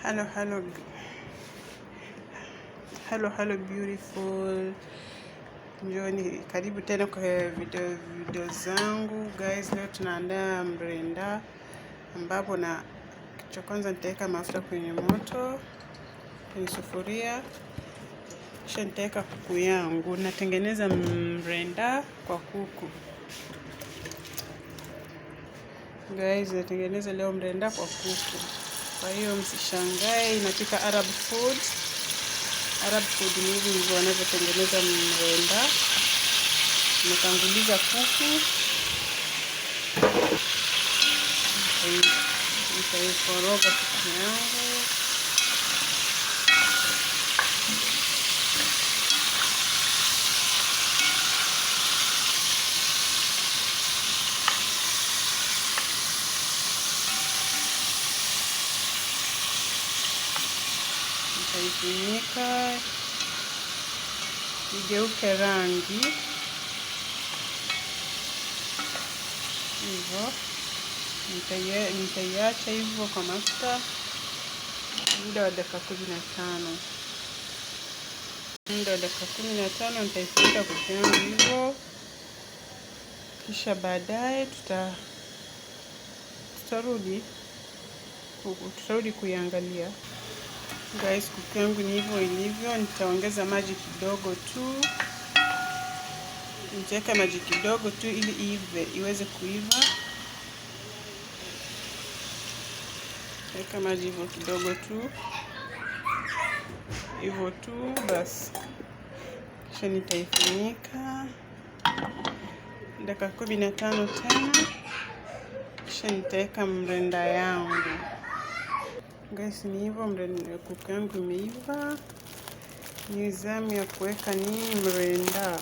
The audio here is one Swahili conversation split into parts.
hello hello hello hello beautiful Njoni, karibu tena kwa video, video zangu guys. Leo tunaandaa mrenda, ambapo na cha kwanza nitaweka mafuta kwenye moto kwenye sufuria, kisha nitaweka kuku yangu. Natengeneza mrenda kwa kuku guys, natengeneza leo mrenda kwa kuku. Kwa hiyo msishangae inatika Arab food. Arab food ni hivi ndivyo wanavyotengeneza mrenda. Nimetanguliza kuku, nitaikoroga kuku yangu kufunika igeuke rangi hivyo. Nitaiacha hivyo kwa mafuta muda wa dakika kumi na tano muda wa dakika kumi na tano nitaifunika kuku hivyo, kisha baadaye tuta tutarudi tutarudi kuiangalia. Guys, kuku yangu ni hivyo ilivyo. Nitaongeza maji kidogo tu, nitaweka maji kidogo tu ili iive, iweze kuiva. Weka maji hivyo kidogo tu, hivyo tu basi, kisha nitaifunika dakika kumi na tano tena, kisha nitaweka mrenda yangu. Guys, ni hivyo kuku yangu imeiva, ni zamu ya kuweka nini, mrenda.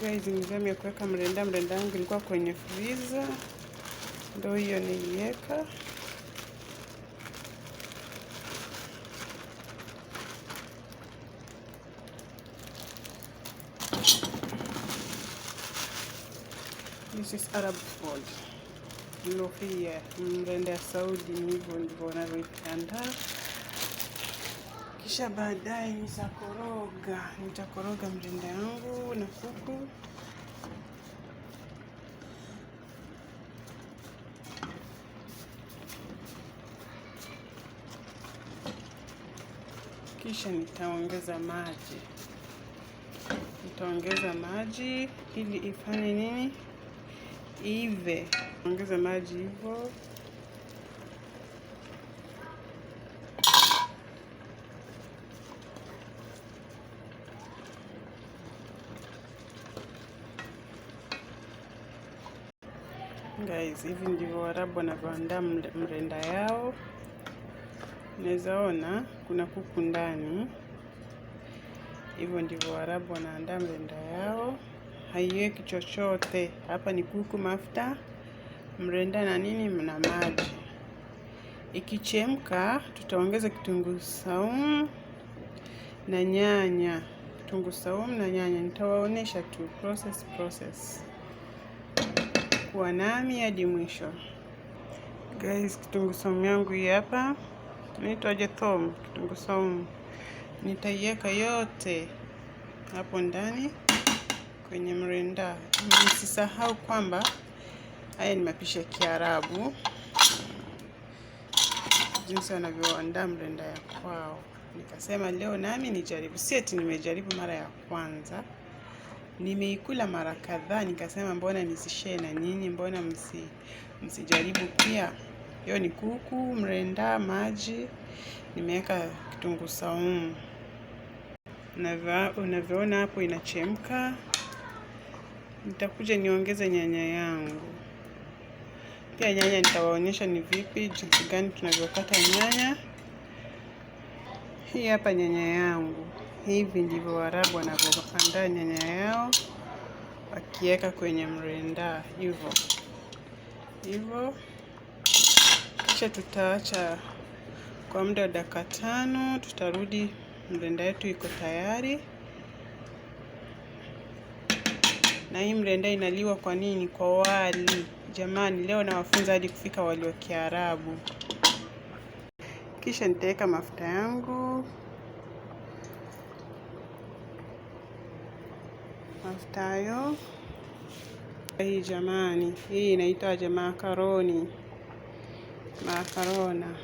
Guys, ni zamu ya kuweka mrenda. Mrenda wangu ilikuwa kwenye freezer, ndio hiyo niliweka. This is Arab food hilo pia ya Saudi, hivyo ndivyo wanavyoitandaa. Kisha baadaye nitakoroga, nitakoroga mrenda yangu na kuku kisha nitaongeza maji, nitaongeza maji ili ifanye nini, ive ongeza maji hivyo. Guys, hivi ndivyo Waarabu wanavyoandaa mrenda yao. Unaweza ona kuna kuku ndani. Hivyo ndivyo Waarabu wanaandaa mrenda yao, haiweki chochote hapa. Ni kuku, mafuta mrenda na nini mna maji. Ikichemka tutaongeza kitunguu saumu na nyanya. Kitunguu saumu na nyanya nitawaonesha tu process process, kuwa nami hadi mwisho guys. Kitunguu saumu yangu hii hapa, naitwa Jethom. Kitunguu saumu nitaiweka yote hapo ndani kwenye mrenda. Msisahau kwamba Haya ni mapishi ya Kiarabu, jinsi wanavyoandaa mrenda ya kwao. Nikasema leo nami nijaribu, sieti nimejaribu mara ya kwanza, nimeikula mara kadhaa. Nikasema mbona nisishee na nyinyi, mbona msi msijaribu pia. Hiyo ni kuku, mrenda, maji, nimeweka kitunguu saumu unavyoona hapo inachemka. Nitakuja niongeze nyanya yangu. Pia nyanya nitawaonyesha ni vipi, jinsi gani tunavyokata nyanya. Hii hapa nyanya yangu. Hivi ndivyo Waarabu wanavyoandaa nyanya yao, wakiweka kwenye mrenda hivyo hivyo, kisha tutaacha kwa muda wa dakika tano. Tutarudi, mrenda yetu iko tayari. na hii mrenda inaliwa kwa nini? Kwa wali. Jamani, leo nawafunza hadi kufika wali wa Kiarabu. Kisha nitaweka mafuta yangu, mafuta hayo. Hii jamani, hii inaitwa makaroni, makarona,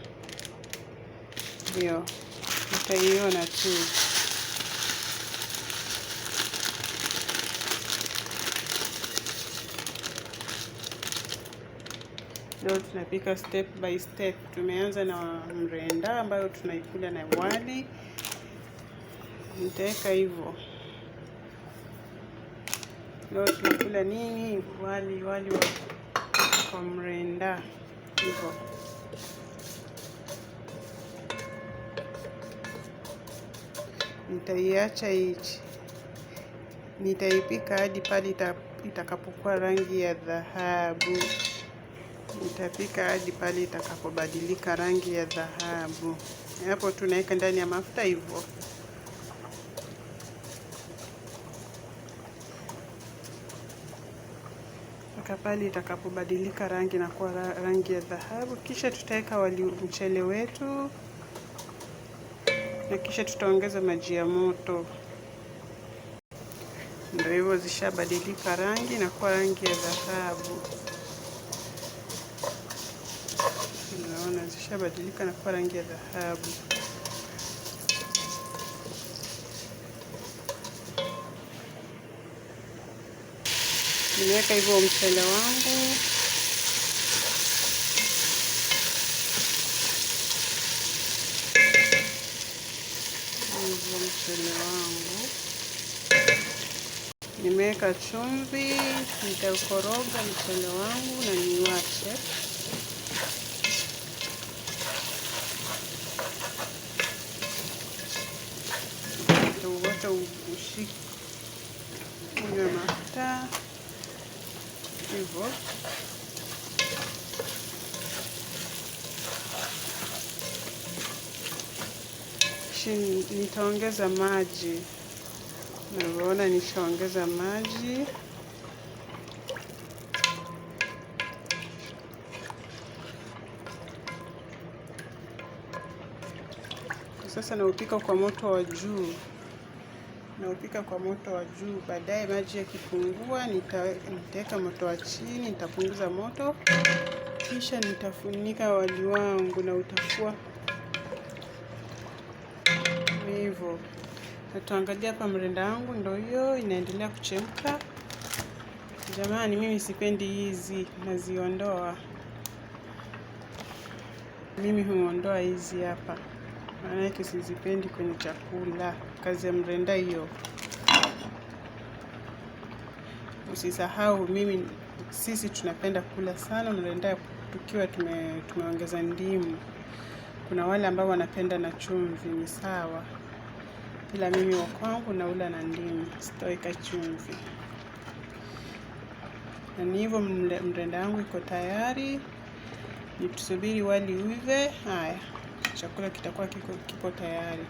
ndio utaiona tu. Leo tunapika step by step. Tumeanza na mrenda ambayo tunaikula na wali, nitaweka hivyo. Leo tunakula nini? Wali, wali wa kwa mrenda hivyo. Nitaiacha hichi, nitaipika hadi pale itakapokuwa rangi ya dhahabu. Nitapika hadi pale itakapobadilika rangi ya dhahabu. Hapo tunaweka ndani ya mafuta hivyo. Mpaka pale itakapobadilika rangi na kuwa rangi ya dhahabu, kisha tutaweka wali mchele wetu na kisha tutaongeza maji ya moto. Ndio hivyo, zishabadilika rangi na kuwa rangi ya dhahabu. zishabadilika na kuwa rangi ya dhahabu. Nimeweka hivyo mchele wangu hivyo, mchele wangu nimeweka chumvi, nitakoroga mchele wangu na niwache hata ushiki kunywa mafuta hivyo. Kisha nitaongeza maji, navyoona nishaongeza maji sasa naupika kwa moto wa juu naupika kwa moto wa juu. Baadaye maji yakipungua, nitaweka moto wa chini, nitapunguza moto, kisha nitafunika wali wangu na utakuwa hivyo. natuangalia hapa, mrenda wangu ndio hiyo inaendelea kuchemka. Jamani, mimi sipendi hizi, naziondoa mimi huondoa hizi hapa, maanake sizipendi kwenye chakula kazi ya mrenda hiyo. Usisahau, mimi sisi tunapenda kula sana mrenda tukiwa tume, tumeongeza ndimu. Kuna wale ambao wanapenda na chumvi, ni sawa, ila mimi wa kwangu naula na ndimu, sitaweka chumvi. Na ni hivyo, mrenda yangu iko tayari. Nitusubiri wali uive. Haya, chakula kitakuwa kiko, kiko tayari.